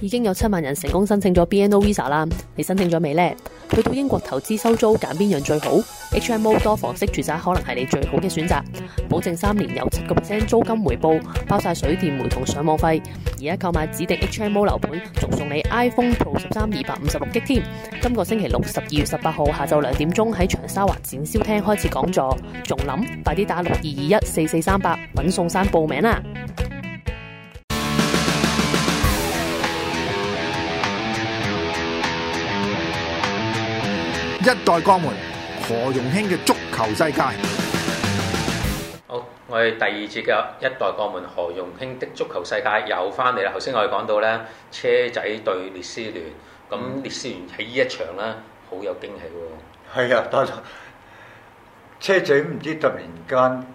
已經有七萬人成功申請咗 BNO Visa 啦，你申請咗未呢？去到英國投資收租揀邊樣最好？HMO 多房式住宅可能係你最好嘅選擇，保證三年有七個 percent 租金回報，包晒水電煤同上網費。而家購買指定 HMO 樓盤，仲送你 iPhone Pro 十三二百五十六 G 添。今個星期六十二月十八號下晝兩點鐘喺長沙灣展銷廳開始講座，仲諗快啲打六二二一四四三八搵宋生報名啦。一代鋼門何容興嘅足球世界，好，我哋第二節嘅一代鋼門何容興的足球世界又翻嚟啦。頭先我哋講到咧，車仔對列斯聯，咁、嗯、列斯聯喺呢一場咧，好有驚喜喎。係啊，但係車仔唔知突然間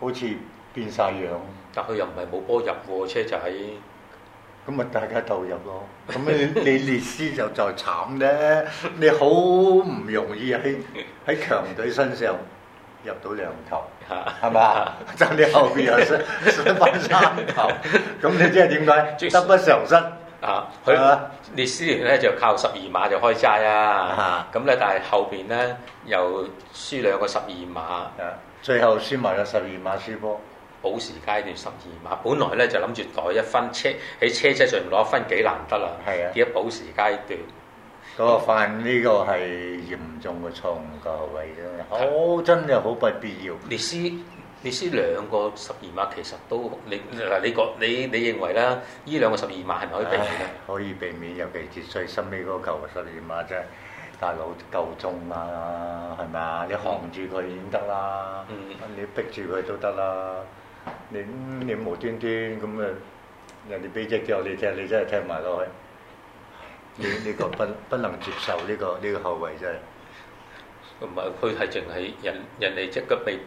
好似變晒樣，但佢又唔係冇波入喎，車仔。咁咪大家投入咯，咁你你列斯就就慘咧，你好唔容易喺喺強隊身上入到兩球，係嘛 吧？就 你後邊又輸翻 三球，咁你即係點解得不償失啊？佢吧列斯聯咧就靠十二碼就開齋啊，咁咧 但係後邊咧又輸兩個十二碼，最後輸埋個十二碼輸波。保時階段十二碼，本來咧就諗住袋一分車喺車車上面攞一分幾難得啊！跌的保時階段，嗰犯呢個係嚴重嘅錯誤噶，係咪先？真係好不必要。你撕你撕兩個十二碼，其實都你嗱，你覺你你，你，你認為咧？呢兩個十二碼係咪可以避免咧？可以避免，尤其是最衰尾嗰個十二碼真、就、係、是、大佬舊重啦，係咪啊？你扛住佢已經得啦，嗯、你逼住佢都得啦。嗯你你無端端咁啊！人哋俾隻腳你踢，你真係踢埋落去。 你呢、呢個不不能接受呢、呢個呢、呢個後衞真係。唔係佢係淨係人人哋隻腳未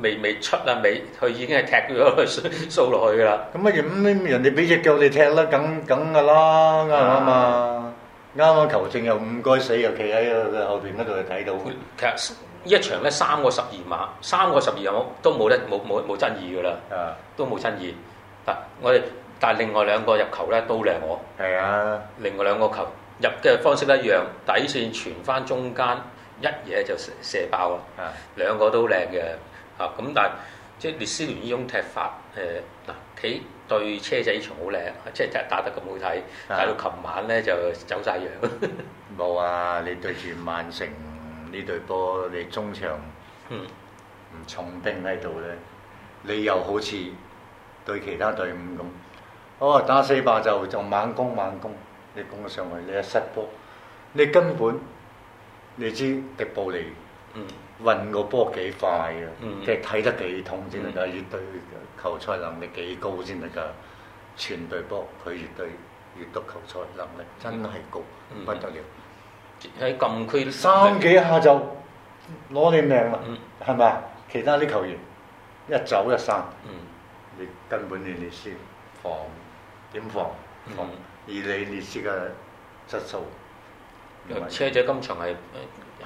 未未，未出啦，未佢已經係踢咗佢 掃落去㗎啦。咁啊，人哋俾隻腳你踢啦，梗梗㗎啦，啱嘛？啱啱球證又唔該死，又企喺佢後邊嗰度睇到。啊一場咧三個十二碼，三個十二碼都冇得冇冇冇爭議噶啦，Yeah. 都冇爭議。嗱，我哋但係另外兩個入球咧都靚喎。係啊，另外兩個球入嘅方式一樣，底線傳翻中間一嘢就射爆啦。啊，Yeah. 兩個都靚嘅。啊，咁但係即係列斯聯依種踢法，誒、呃、嗱，佢對車仔場好靚，即係打打得咁好睇，Yeah. 但係到琴晚咧就走晒樣。冇 Yeah. 啊，你對住曼城。呢隊波你中場唔重兵喺度咧，嗯、你又好似對其他隊伍咁，我、哦、打四霸就就猛攻猛攻，你攻得上去，你一失波，你根本你知迪布尼運個波幾快即係睇得幾痛先得噶，越對球賽能力幾高先得噶，全隊波佢越對越讀球賽能力真係高不得了。嗯喺禁區三幾下就攞你命啦，係咪啊？其他啲球員一走一散，嗯、你根本你列斯防點防防？防防嗯、而你列斯嘅質素，嗯、車仔今場係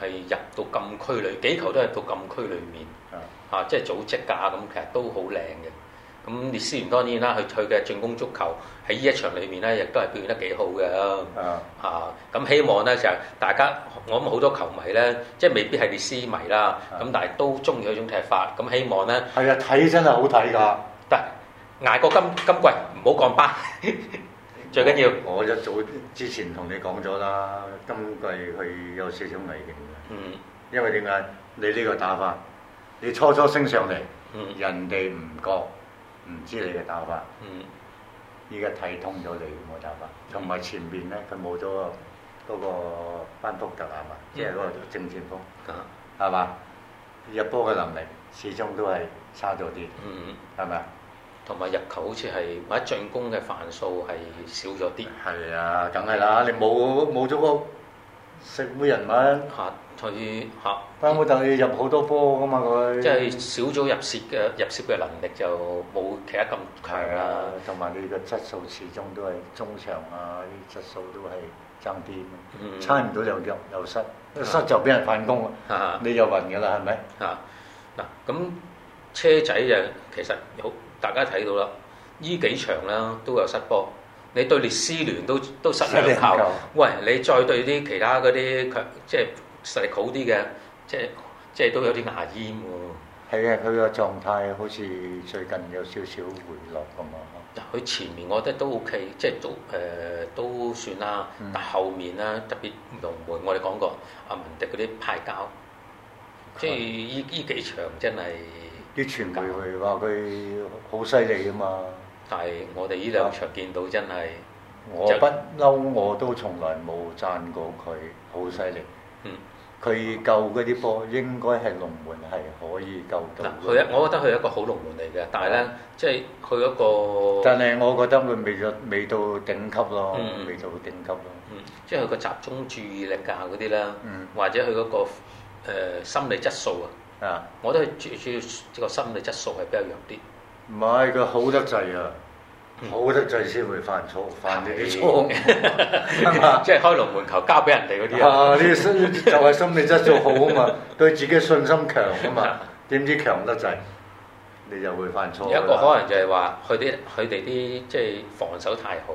係入到禁區裏，幾球都係到禁區裡面啊！嗯、即係組織架咁，其實都好靚嘅。咁列斯聯當然啦，佢佢嘅進攻足球喺呢一場裏面咧，亦都係表現得幾好嘅啊！咁、啊、希望咧就大家，我諗好多球迷咧，即係未必係列斯迷啦，咁、啊、但係都中意嗰種踢法。咁希望咧，係啊，睇真係好睇㗎！得捱過今今季，唔好降班，巴 最緊要。我一早之前同你講咗啦，今季佢有少少危險嘅。嗯，因為點解你呢個打法，你初初升上嚟、嗯，人哋唔覺。唔知你嘅打法，嗯，依家睇通咗你嘅打法，同埋、嗯、前面咧佢冇咗嗰個班福特阿伯，即係嗰個正前方，啊、嗯，係嘛，入波嘅能力始終都係差咗啲，嗯嗯，係咪同埋入球好似係，或者進攻嘅範數係少咗啲，係啊，梗係啦，你冇冇咗個。食會人物，嚇佢嚇。班偉迪入好多波噶嘛佢。即係小組入蝕嘅入蝕嘅能力就冇其他咁強。係啊，同埋、啊、你嘅質素始終都係中場啊啲質素都係爭啲，嗯、差唔到兩腳又失，失、啊、就俾人反工啦，啊、你就暈㗎啦係咪？啊，嗱咁吧、啊、車仔就其實好大家睇到啦，呢幾場啦都有失波。你對列斯聯都都失了效，喂你再對啲其他嗰啲強，即係實力好啲嘅，即係即係都有啲牙煙喎。係啊、嗯，佢個狀態好似最近有少少回落咁啊。佢前面我覺得都 OK，、嗯、即係都誒、呃、都算啦，但係後面啦，特別龍門，我哋講過阿文迪嗰啲派膠，嗯、即係依依幾場真係啲、嗯、傳媒佢話佢好犀利啊嘛。但係，我哋呢兩場見到真係，我不嬲我都從來冇讚過佢，好犀利。嗯，佢救嗰啲波應該係龍門係可以救到。嗱，佢，我覺得佢係一個好龍門嚟嘅，嗯、但係咧，即係佢嗰個。但係我覺得佢未未到頂級咯，未、嗯、到頂級咯。嗯，即係佢個集中注意力啊嗰啲啦，嗯、或者佢嗰個心理質素、嗯、啊，啊，我都係主要主要個心理質素係比較弱啲。唔係，佢好得滯啊！好得滯先會犯錯，犯啲錯即係開龍門球交俾人哋嗰啲啊！ 你呢心就係心理質素好啊嘛，對自己信心強啊嘛，點知強得滯，你就會犯錯。有一個可能就係話，佢啲佢哋啲即係防守太好，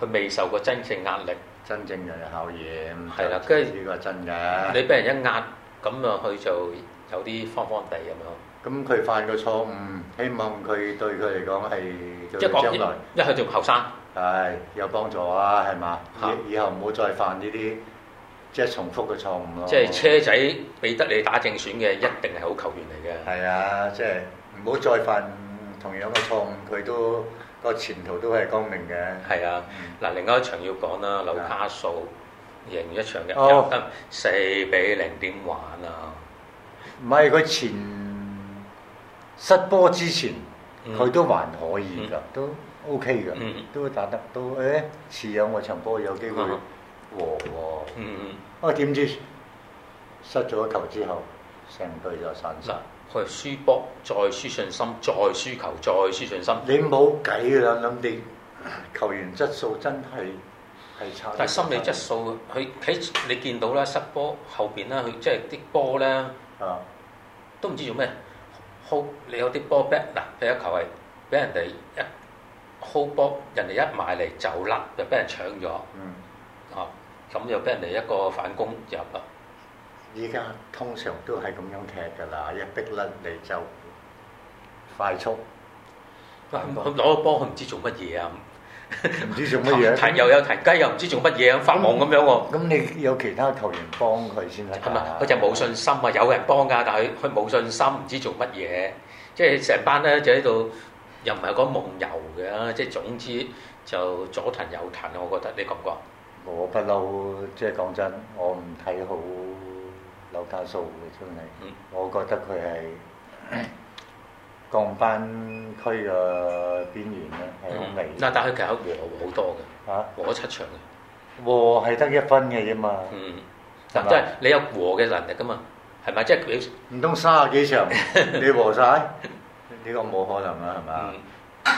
佢未受過真正壓力，真正嘅考驗。係啦、啊，跟住呢真嘅。就是、你俾人一壓，咁啊，佢就有啲方方地咁樣。咁佢犯個錯誤，希望佢對佢嚟講係即係將來，一去仲後生，係有幫助啊，係嘛？是以後唔好再犯呢啲即係重複嘅錯誤咯。即係車仔俾得你打正選嘅，一定係好球員嚟嘅。係啊，即係唔好再犯同樣嘅錯誤，佢都個前途都係光明嘅。係啊，嗱，另一場要講啦，紐卡素贏一場嘅、哦、四比零點玩啊！唔係佢前。失波之前，佢都還可以㗎，嗯、都 O K 㗎，嗯、都打得都誒，似有我場波有機會和喎、啊。嗯嗯，啊點知失咗球之後，成隊就散曬。佢、嗯、輸波再輸信心，再輸球再輸信心。你冇計㗎啦，諗你球員質素真係係差。但係心理質素，佢喺你見到啦，失波後邊啦，佢即係啲波咧，啊，都唔知做咩。嗯你有啲波逼嗱，俾個球係俾人哋一 hold 波，人哋一埋嚟就甩，就俾人搶咗。哦，咁又俾人哋一個反攻入啦。依家通常都係咁樣踢㗎啦，一逼甩你就快速。嗱，攞個波佢唔知做乜嘢啊！唔知做乜嘢，左 又右有騰，雞又唔知做乜嘢，發夢咁樣喎。咁、 嗯、你有其他球員幫佢先得㗎嘛？佢就冇信心啊，有人幫㗎，但係佢冇信心，唔知做乜嘢。即係成班咧就喺度，又唔係個夢遊嘅。即係總之就左騰右騰，我覺得，你覺唔覺？我不嬲，即係講真，我唔睇好劉家蘇嘅真係。我覺得佢係。 降班區嘅邊緣咧係好微，嗱、嗯、但係其實和好多嘅嚇，啊、和七場嘅和係得一分嘅啫嘛，嗯嗱吧即係你有和嘅能力噶嘛，係咪即係唔通卅幾場 你和晒？呢、呢個冇可能啊，係嘛？嗯、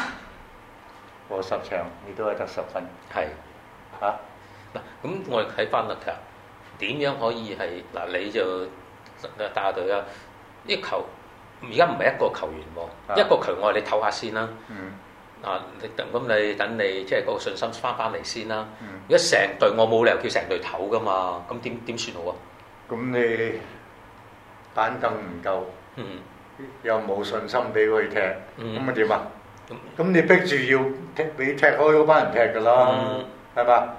和十場你都係得十分，係嚇嗱咁我哋睇翻粒球點樣可以係嗱你就啊打隊啊一球？一球而家唔係一個球員喎，啊、一個球我你唞下先啦。嗯、啊，咁你，你等你即係嗰個信心翻翻嚟先啦。如果成隊我冇理由叫成隊唞噶嘛，咁點點算好啊？咁、嗯、你板凳唔夠，嗯、又冇信心俾佢踢，咁咪點啊？咁、嗯、你逼住要踢，俾踢開嗰班人踢噶啦，係嘛、嗯嗯？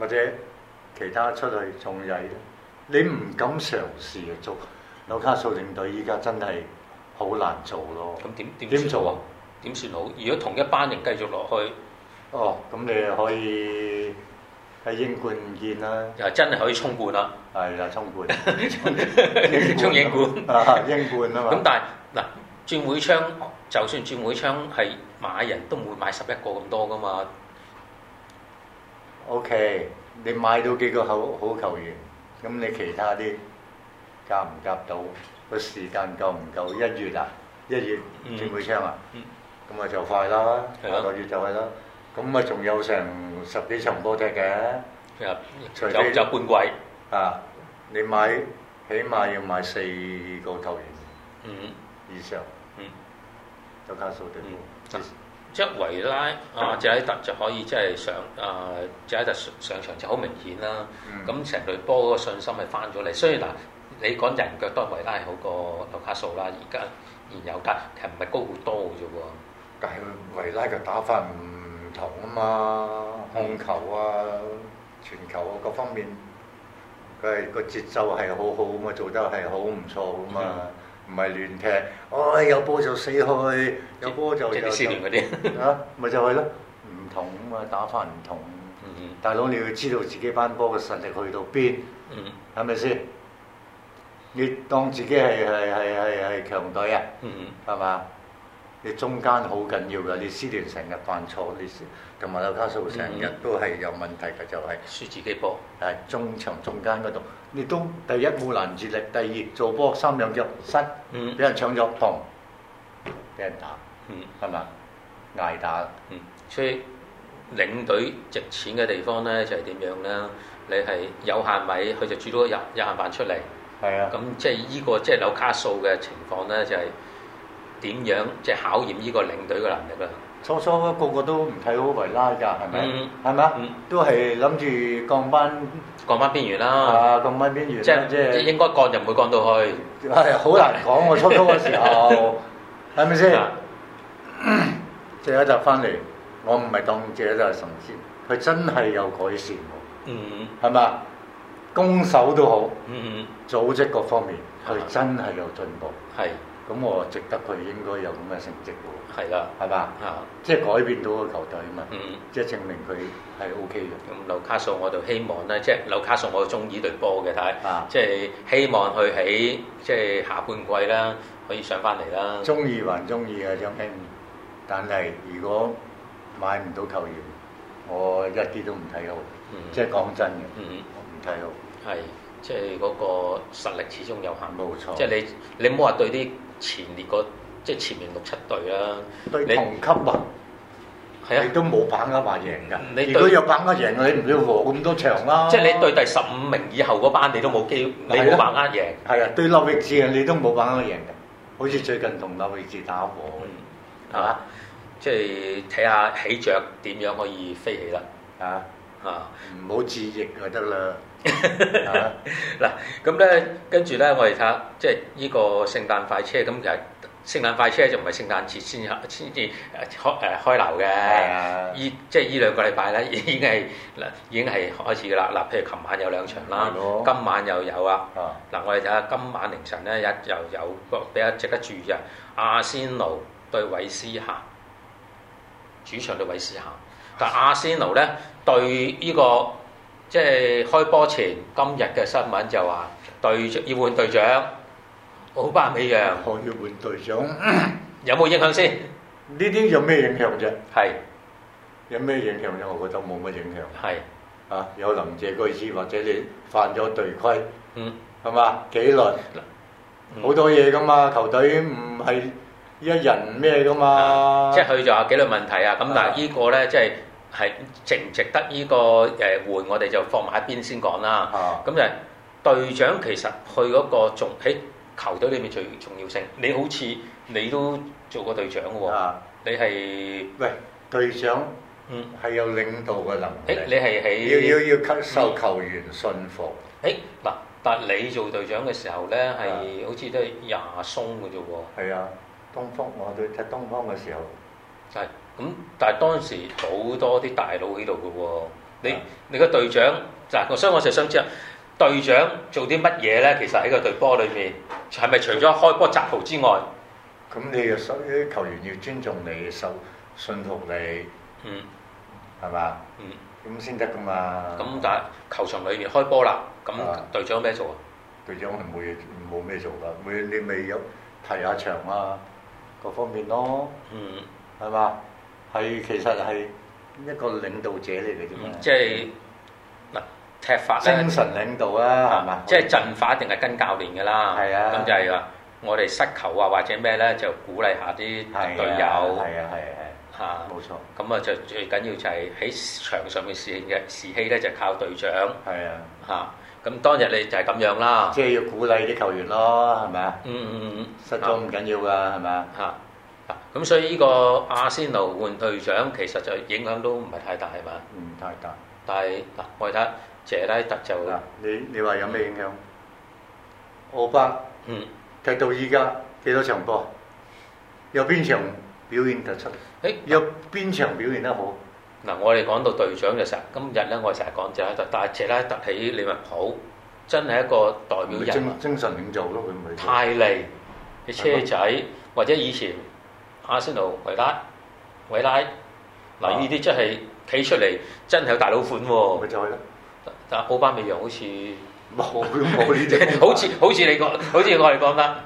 或者其他出去仲曳，你唔敢嘗試就做。有卡數領隊依家真係好難做咯。咁點點點做啊？點算好？如果同一班人繼續落去，哦，咁你又可以喺英冠見啦。就真係可以衝冠啊！係啊，衝冠，衝 充 英冠啊！ 英冠啊嘛。咁 了、 嗯、但係嗱，轉會窗就算轉會窗係買人都唔會買十一個咁多噶嘛。OK，你買到幾個好好球員，咁你其他啲。夾唔夾到個時間夠唔夠？一月啊，一月轉會窗啊，咁啊就快啦，下個月就係啦。咁啊，仲有成十幾場波踢嘅，有有半季啊！你買起碼要買四個球員，嗯，以上，嗯，就加數定咯。即係維拉啊，謝拉特就可以即係上啊，謝拉特上上場就好明顯啦。咁成隊波嗰個信心係翻咗嚟，雖然嗱。你講人腳都係維拉好過紐卡素啦，而家現有得，其實唔係高好多嘅啫喎。但係維拉嘅打法唔同啊嘛，控球啊、傳球啊各、嗰個、方面，佢係個節奏係好好咁嘛，做得係好唔錯咁嘛。唔係、嗯、亂踢，哦、哎、有波就死去，有波就就 啊，咪就去咯，唔同咁嘛，打法唔同。大佬、嗯、你要知道自己班波嘅實力去到邊，係咪先？是你當自己係係係係係強隊啊，係嘛、嗯嗯？你中間好緊要噶，你思聯成日犯錯，你同埋劉家蘇成日都係有問題嘅，就係輸自己波。但係，中場中間嗰度，你都第一冇攔住力，第二做波三入腳失，俾、嗯嗯、人搶咗洞，俾人打，係嘛、嗯？捱打。嗯、所以領隊值錢嘅地方咧，就係點樣咧？你係有限米，佢就煮多日，一飯飯出嚟。係啊，咁即係呢個即係扭卡數嘅情況咧，就係點樣即係考驗呢個領隊嘅能力啦。初初個個都唔睇好維拉㗎，係咪？係咪啊？都係諗住降翻，降翻邊緣啦。啊，降翻邊緣。即係即係應該降就唔會降到去，係好難講。我初初嘅時候係咪先？借一集翻嚟，我唔係當借一集係神仙，佢真係有改善喎。嗯，係咪？攻守都好，組織各方面，佢真係有進步。係，咁我值得佢應該有咁嘅成績喎。係啦，係嘛？啊，即係改變到個球隊啊嘛。嗯，即係證明佢係 O K 嘅。咁紐卡素我就希望咧，即係紐卡素我中意隊波嘅睇，即係希望佢喺即係下半季啦，可以上翻嚟啦。中意還中意啊，張興，但係如果買唔到球員，我一啲都唔睇好。即係講真嘅。嗯係，係，即係嗰個實力始終有限。冇錯，即係你你唔好話對啲前列個，即係前面六七隊啦。你唔級啊，係啊，都冇把握贏㗎。你如果有把握贏，你唔要和咁多場啦。即係你對第十五名以後嗰班，你都冇機會。你冇把握贏。係啊，對劉奕志啊，你都冇把握贏㗎。好似最近同劉奕志打過，係嘛？即係睇下起着點樣可以飛起啦，啊啊，唔好置認就得啦。嗱，咁咧跟住咧，我哋睇下，即係呢個聖誕快車咁，其實聖誕快車就唔係聖誕節先先至開誒開鑼嘅，依的即係呢兩個禮拜咧已經係已經係開始㗎喇。嗱，譬如琴晚有兩場啦，的今晚又有啊。嗱的，我哋睇下今晚凌晨咧有又有個比較值得注意嘅，阿仙奴對韋斯咸，主場對韋斯咸。但阿仙奴咧對呢、這個即係開波前，今日嘅新聞就話隊要換隊長，奧巴美揚要換隊長， 有冇影響先？呢啲有咩影響啫？係是有咩影響啫？我覺得冇乜影響。係是啊，有能者居之或者你犯咗隊規，係嘛，紀律好多嘢噶嘛，球隊唔係一人咩噶嘛。即係佢就話紀律問題啊！咁嗱是，但係呢個咧即係。係值唔值得呢、呢個誒換？我哋就放埋一邊先講啦。咁、啊、就誒隊長其實去嗰個重喺球隊裏面最重要性。你好似你都做過隊長喎？啊、你係是喂隊長，嗯係有領導嘅能力。誒、嗯欸、你係喺、欸、要要要收球員信服。誒嗱、嗯欸，但你做隊長嘅時候咧，係、啊、好似都廿鬆嘅啫喎。係啊，東方我對踢東方嘅時候係。咁、嗯、但係當時好多啲大佬喺度嘅喎，你你個隊長，嗱，所以我就想知啊，隊長做啲乜嘢咧？其實喺個隊波裏面，係咪除咗開波執球之外，咁、嗯、你又受啲球員要尊重你、受信服你，嗯，係嘛？嗯，咁先得噶嘛？咁但係球場裏面開波啦，咁隊長咩做啊、嗯？隊長我哋冇嘢冇咩做噶，你咪有睇下場啊，各方面咯，嗯，係嘛？係，其實係一個領導者嚟嘅啫。即係嗱，踢法精神領導啦啊，係嘛？即係陣法定係跟教練嘅啦。係啊。咁就係話，我哋失球啊，或者咩咧，就鼓勵下啲隊友。係啊，係啊，係。嚇！冇錯。咁啊，啊啊就最緊要就係喺場上面時嘅士氣咧，就靠隊長。係啊。嚇、啊！咁當日你就係咁樣啦。即係要鼓勵啲球員咯，係咪啊？嗯嗯嗯，失咗唔緊要㗎，係咪啊？嚇！咁、啊、所以呢個阿仙奴換隊長，其實就影響都唔係太大係嘛？唔太大。嗯、太大但係嗱、啊，我睇下謝拉特就、啊、你你話有咩影響？奧、嗯、巴嗯踢到依家幾多場波？有邊場表現突出？誒有邊場表現得好？嗱、啊啊，我哋講到隊長嘅時候，今日咧我成日講謝拉特，但係謝拉特喺利物浦真係一個代表人精，精神領袖咯，會唔會泰利嘅車仔或者以前。阿仙奴、維拉、啊、維拉，嗱，呢啲真係企出嚟，真係有大佬款喎。咪再啦，但奧巴美揚好似冇都冇呢隻。好似好似你講，好似我哋講啦，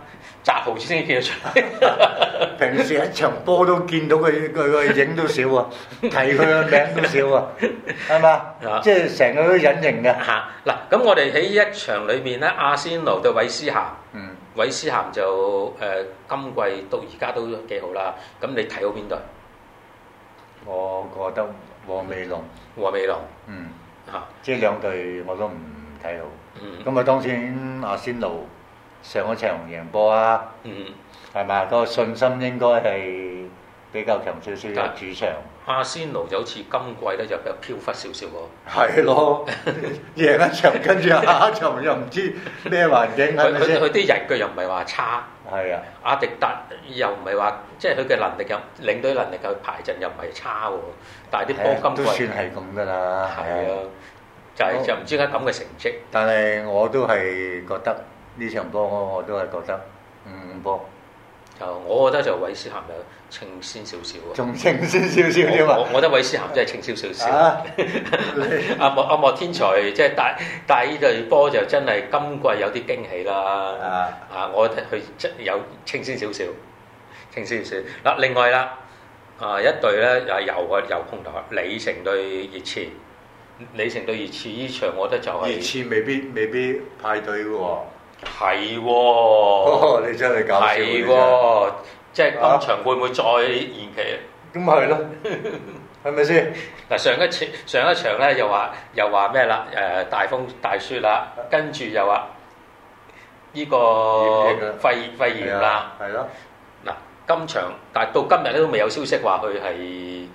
澤豪先見到出嚟。 平時一場波都見到佢，佢個影都少喎，睇佢個名都少喎，係嘛？即係成個都隱形嘅。嗱、啊，咁我哋喺一場裏面咧，阿仙奴對韋斯咸、 嗯。韋斯咸就誒、呃、今季到而家都幾好啦，咁你睇好邊隊？我覺得黃美龍。黃美龍。嗯。嚇、嗯！即係兩隊我都唔睇、嗯、好。嗯。咁啊，當然阿仙奴上一場贏波啊。嗯。係咪啊？個信心應該係，比較強少少嘅主場，阿仙奴就好似今季咧就比較漂忽少少喎。係咯，贏一場跟住下一場又唔知咩環境。佢佢啲人腳又唔係話差。係啊的，阿迪達又唔係話，即係佢嘅能力又領隊能力嘅排陣又唔係差喎，但係啲波今季算係咁㗎啦。係啊，就係就唔知點解咁嘅成績。但係我都係覺得呢場波，我都係覺得嗯，波、嗯。嗯嗯嗯就我覺得就韋斯咸就清鮮少少，仲清鮮少少添啊！我覺得韋斯咸真係清鮮少少。阿莫阿莫天才，即係帶帶呢隊波就真係今季有啲驚喜啦！啊啊，我睇佢有清鮮少少，清鮮少。嗱，另外啦，啊一隊咧又又去又空投，李成對熱刺，李成對熱刺呢場，我覺得就熱刺未必，刺未，必未必派隊嘅喎。係喎、哦，你真係搞笑嘅。係喎的，即係今場會唔會再延期？咁咪係咯，係咪先？嗱， 上一次上一場咧，又話又話咩啦？誒，大風大雪啦，跟住又話呢個肺肺炎啦，係咯。嗱，今場但係到今日咧都未有消息話佢係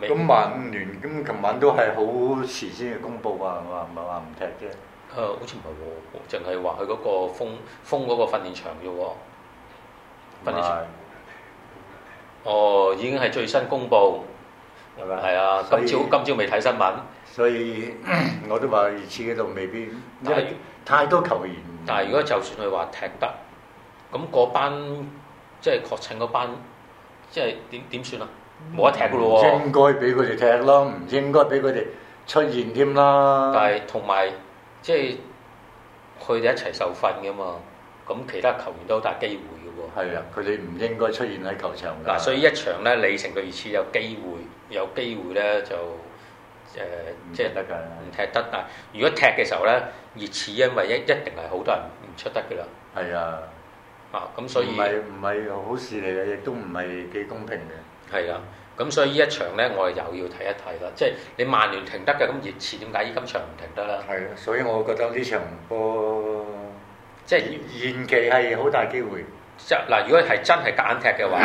咁晚聯，咁琴晚都係好遲先嘅公佈話話唔話唔踢啫。誒，uh, 好似唔係喎，淨係話佢嗰個封封嗰個訓練場啫喎，訓練場。哦，已經係最新公佈，係咪？係啊，以今朝今朝未睇新聞。所以 我都話二次嗰度未必，因為但太多球員。但係如果就算佢話踢得，咁嗰班即係確診嗰班，即係點點算啊？冇得踢噶咯喎。應該俾佢哋踢咯，唔應該俾佢哋出現添啦。但係同埋。即係佢哋一齊受訓嘅嘛，咁其他球員都好大機會嘅喎。係啊，佢哋唔應該出現喺球場嗱、啊，所以一場咧，你成個熱刺有機會，有機會咧就誒，呃、即係得㗎。唔踢得，但係如果踢嘅時候咧，熱刺因為一一定係好多人唔出得嘅啦。係的啊。啊，咁所以唔係唔係好事嚟嘅，亦都唔係幾公平嘅。係啊。咁所以呢一場咧，我哋又要睇一睇啦。即係你曼聯停得嘅，咁熱刺點解依今場唔停得咧？係啊，所以我覺得呢場波即係延期係好大機會。即嗱，如果係真係夾硬，硬踢嘅話，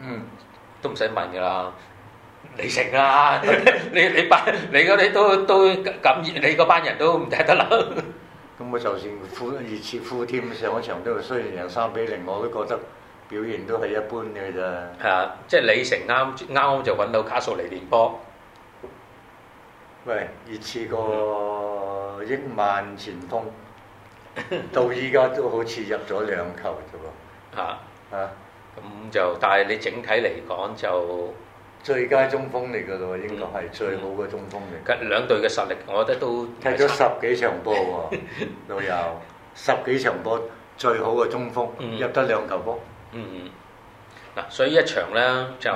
嗯，嗯，都唔使問㗎啦。你成啊？ 你你班你嗰啲都都咁熱，你嗰班人都唔睇得啦。咁我就算熱熱刺負添上一場，都雖然贏三比零，0，我都覺得。表現都係一般嘅咋。係、啊、即係李成啱啱就揾到卡索尼連波。喂，熱刺過億萬前鋒、嗯、到依家都好似入咗兩球啫喎。嚇咁就，但係你整體嚟講就最佳中鋒嚟噶咯喎，應該係最好嘅中鋒嚟。嗯嗯、兩隊嘅實力，我覺得都踢咗十幾場波喎、啊，老友。 十幾場波最好嘅中鋒入得兩球波。嗯嗯嗯，嗱，所以一場咧就、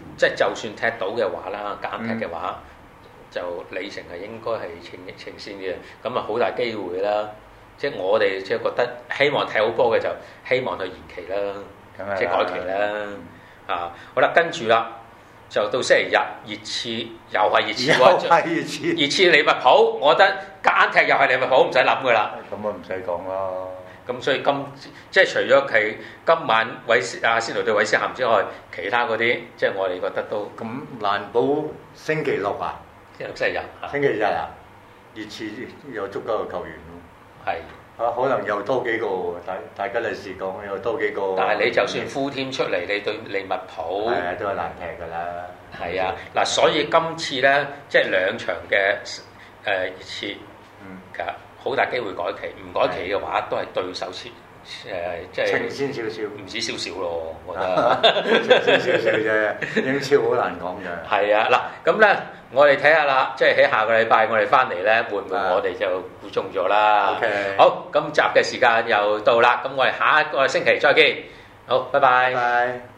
嗯、即係就算踢到嘅話啦，減踢嘅話，話嗯、就里程係應該係清疫情先嘅，咁啊好大機會啦。即係我哋即係覺得希望踢好波嘅就希望去延期啦，即係改期啦。嗯、啊，好啦，跟住啦，就到星期日熱刺又係熱刺喎，熱刺，熱刺利物浦，我覺得減踢又係利物浦，唔使諗噶啦。咁啊，唔使講啦。咁、嗯、所以今即係除咗佢今晚韋、啊、斯阿仙奴對韋斯咸之外，其他嗰啲即係我哋覺得都咁難保星期六啊，星期六、啊、星期日啊，熱刺有足夠嘅球員咯。係是啊，可能又多幾個喎。大大家嚟講又多幾個。嗯、幾個但係你就算呼添出嚟，你對利物浦係啊，都係難踢㗎啦。係、嗯、啊，嗱，所以今次咧，即係兩場嘅誒、呃、熱刺嗯，噶。嗯好大機會改期，唔改期嘅話都係對手先誒、呃，即係先少少，唔止少少咯，我覺得少少少啫，英超好難講嘅。係、呃、啊，嗱、嗯，咁咧我哋睇下啦，即係喺下個禮拜我哋翻嚟咧會唔會我哋就估中咗啦？OK，好，今集嘅時間又到啦，咁我哋下一個星期再見，好，拜拜。拜。